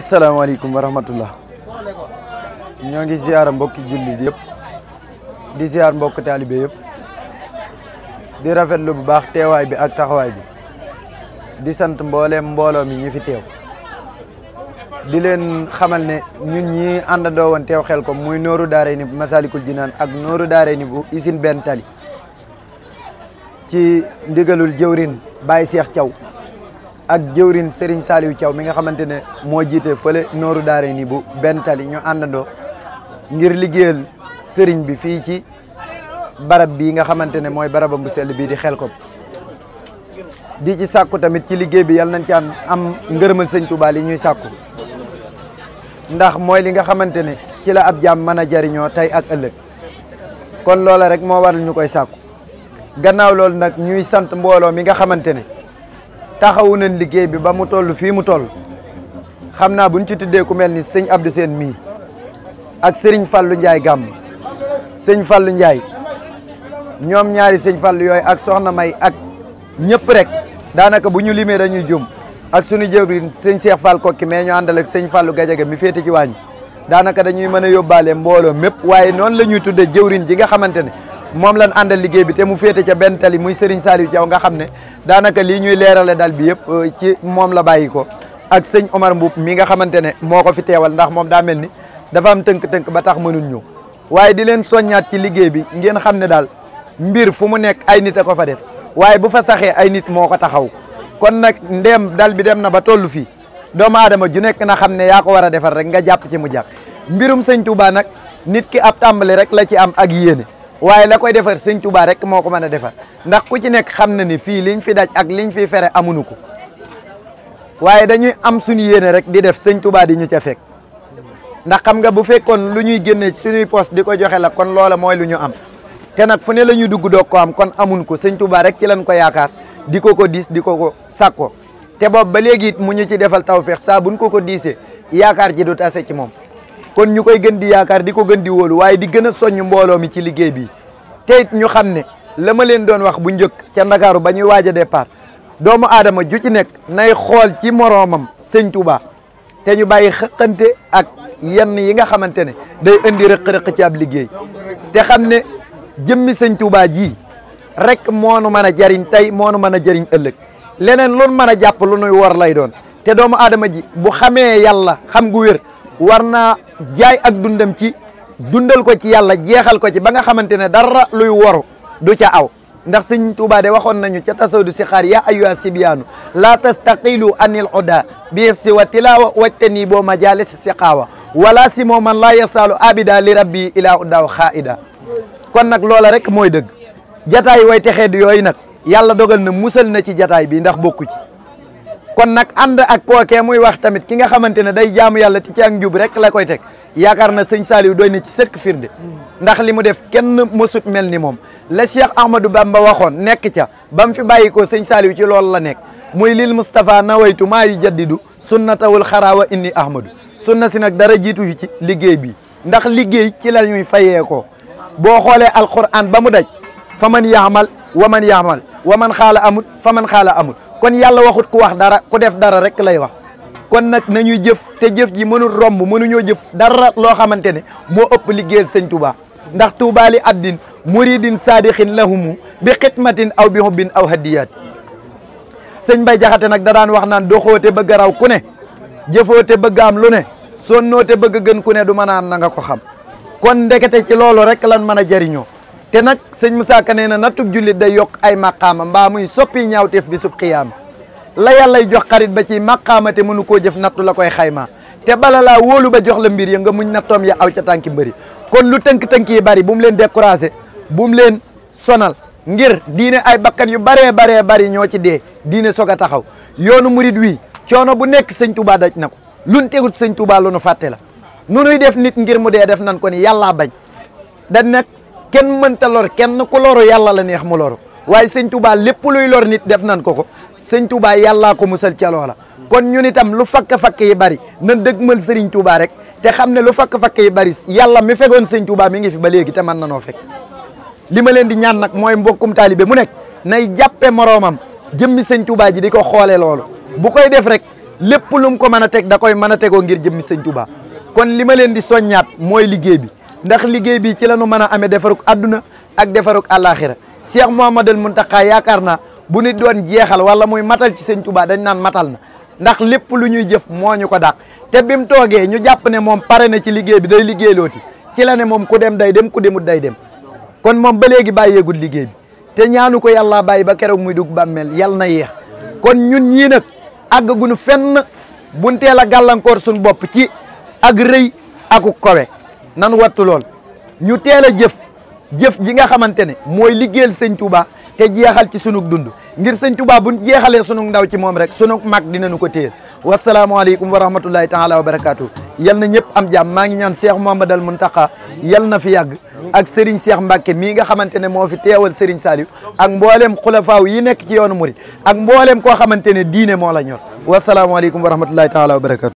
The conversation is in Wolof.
asalaamaaleykum wa rahmatullah ñoo ngi ziar mbokki jullit yépp di ziar mbokk taalibe yëpp di rafetlu bu baax teewaay bi ak taxawaay bi di sant mbooleem mbooloo mi ñi fi teew di leen xamal ne ñun ñi àndandoo woon teew xel ko muy nooru daare ni Masaalikul Jinaan ak nooru daare ni bu usine benn tali ci ndigalul jëwrin Baye Cheikh caw ak jëwrin sëriñ Saliou caw mi nga xamante ne moo jiite fële nooru daare ni bu benn tali ñu àndandoo ngir liggéeyal sëriñ bi fii ci barab bii nga xamante ne mooy baraba bu sell bii di xel ko di ci sàkku tamit ci liggéey bi yal nañ ci am am ngërëmal sëñ Touba li ñuy sàkku ndax mooy li nga xamante ne ci la ab jaam mën a jariñoo tey ak ëllëg kon loola rek moo waral ñu koy sàkku gannaaw loolu nag ñuy sant mbooloo mi nga xamante ne taxawu nañ liggéey bi ba mu toll fii mu toll xam naa buñ ci tuddee ku mel ni sëñ Abdou Seen mii ak sëriñ Fallou Ndiaye gàmm sëñ Fallou njaay ñoom ñaari sëñ Fallou yooyu ak soxna May ak ñëpp rek daanaka bu ñu limee dañuy jum ak suñu jëwriñ sëñ Cheikh Fall kokki mais ñu àndal ak sëñ fallu Gajaga mi féete ci waañ daanaka dañuy mën a yóbbaale mbooloo mépp waaye noonu la ñuy tuddee jëwriñ ji nga xamante ne moom lañ àndal liggéey bi te mu féete ca benn tali muy Serigne Saliou Thiaw nga xam ne daanaka li ñuy leerale dal bi yëpp euh, ci moom la bàyyi ko ak sëñ Omar Mboup mi nga xamante ne moo ko fi teewal ndax moom daa mel ni dafa am tënk-tënk ba tax mënul ñëw waaye di leen soññaat ci liggéey bi ngeen xam ne daal mbir fu mu nekk ay nit a ko fa def waaye bu fa saxee ay nit moo ko taxaw kon nag ndeem dal bi dem na ba tollu fii doomu aadama ju nekk na xam ne yaa ko war a defar rek nga jàpp ci mu jàkk mbirum sëñ Touba nag nit ki ab tàmbali rek la ci am ak yéene waaye la koy defar sëñ Touba rek moo ko mën a defar ndax ku ci nekk xam na ni fii liñ fi daj ak liñ fi fere amuñu ko waaye dañuy am suñu yéene rek di def sëñ Touba di ñu ca fekk ndax xam nga bu fekkoon lu ñuy génne ci suñuy poste di ko joxe la kon loola mooy lu ñu am te nag fu ne la ñuy dugg doog ko am kon amun ko sëñ Touba rek ci lañ ko yaakaar di ko ko diis di ko ko sàkko te boob ba léegi mu ñu ci defal tawfeex saa buñ ko ko diisee yaakaar ji du tase ci moom kon ñu koy gën di yaakaar di ko gën di wóolu waaye di gën a soññ mbooloo ci liggéey bi te it ñu xam ne la ma leen doon wax bu njëkk ca Ndakaaru ba ñu waaja a départ doomu aadama ju ci nekk nay xool ci moroomam sëñ Touba te ñu bàyyi xëqante ak yenn yi nga xamante ne day indi rëq-rëq ci ab liggéey te xam ne jëmmi sëñ Touba jii rek moo nu mën a jariñ tey moo nu mën a jariñ ëllëg leneen loolu mën a jàpp lu war lay doon te doomu aadama ji bu xamee yàlla xam gu wér war naa jaay ak dundam ci dundal ko ci yàlla jeexal ko ci ba nga xamante ne dara luy woru du ca aw ndax sëñ Tuubaa de waxoon nañu ca tasawdu si xaar yaa ayyuha sibyaanu laa tastaqilu anil oda biir si wa tilaawa wajtani boo majalis si xaawa wala si moo man laa yasaalu abida li rabbi ilaa uddaaw xaaida kon nag loola rek mooy dëgg jataay way texee du yooyu nag yàlla dogal na musal na ci jataay bi ndax bokku ci kon nak ànd ak ko ke muy wax tamit ki nga xamantene day jaamu yàlla ci ak njub rek la koy tek yaakaar na seigne saliw doy na ci sëkk firnde ndax limu def kenn musut melni mom le Cheikh Ahmadou Bamba waxon nek ca bam fi bayiko seigne saliw ci lol la nek muy lil mustafa nawaytu maa yu jaddidu sunnatawul xaraawa inni Ahmadou sunna si nak dara jitu ci liggey bi ndax liggey ci la ñuy fayé ko bo xolé alquran ba mu daj faman ya'mal waman ya'mal waman khala amut faman khala amut kon yàlla waxut ku wax dara ku def dara rek lay wax kon nag nañuy jëf te jëf ji mënul romb mënuñoo jëf dara loo xamante ne moo ëpp liggéeyal sëñ Touba ndax Touba li abdin muridin saadixin lahumu bi xidmatin aw bi hubbin aw hadiyaat sëñ Bay Jaxate nag da daan wax naan doxoote bëgg raw ku ne jëfoote bëgg am lu ne sonnoote bëgg gën ku ne du mën a am na ko xam kon ndekete ci loolu rek lan mën a jëriñoo té nak señ musa kané na nattub jullit day yok ay maqama mbaa muy soppi bi bisub qiyam la yalla jox xarit ba ci maqama té mënu ko jëf la koy xayma té bala laa ba jox la mbir ya nga muñ natom ya aw ci tanki mbeuri kon lu tënk-tënk yi bari bumlen leen découragé bu leen sonal ngir diiné ay bakkan yu bare bare bari ñoo ci dé diiné soga taxaw yoonu murit wi ciono bu nek señ Touba daj nako luñ tégut señ Touba lu nu la nu nuy def nit ngir mu dé def nan ko ni yalla bañ da nek kenn mënta lor kenn ku loru yàlla la neex mu loro waaye sëñ Touba lépp luy lor nit def nan ko ko sëñ Touba yàllaa ko musal ca loola. kon ñun itam lu fakk-fakk yi bari na dëgmal Serigne Touba rek te xam ne lu fakk-fakk yi bari yàlla mi fegoon sëñ Touba mi ngi fi ba léegi te mën na noo fekk. li ma leen di ñaan nag mooy mbokkum taalibe mu nekk nay jàppe moroomam jëmmi sëñ Touba ji di ko xoolee loolu bu koy def rek lépp lu ko mën a teg da koy mën a tegoo ngir jëmmi sëñ Touba kon li ma leen di soññaat mooy liggéey bi. ndax liggéey bi ci la ñu mën a amee defarug àdduna ak defarug àllaaxira Cheikh Mouhamadul Mountakha yaakaar naa bu nit doon jeexal wala muy matal ci sëñ Touba dañ naan matal na ndax lépp lu ñuy jëf moo ñu ko dàq te bi mu toogee ñu jàpp ne moom pare na ci liggéey bi day liggéey looti ci la ne moom ku dem day dem ku demut day dem kon moom ba léegi bàyyeegul liggéey bi te ñaanu ko yàlla bàyyi ba keroog muy dugg bàmmeel yàlla na yeex kon ñun ñii nag àggaguñu fenn bunteel a gàllankoor suñu bopp ci ak aku kowe nan wattu lol ñu téla jëf jëf ji nga xamantene moy liggéel liggéeyal Touba té jéxal ci sunu dund ngir sentuba Touba bu jéxalé sunu ndaw ci mom rek sunu mag dinañu ko alaykum wa rahmatullahi taala wa barakatuh yal ñëpp am jam ma ngi ñaan Cheikh mohammed al Muntaka yal na fi yag ak Serigne Cheikh Mbacke mi nga xamantene mo fi téewal Serigne saliw ak mboolem xulafaaw yi nekk ci yoonu mouride ak mbollem ko xamantene diiné diine la ñor alaykum wa rahmatullahi taala wa barakatuh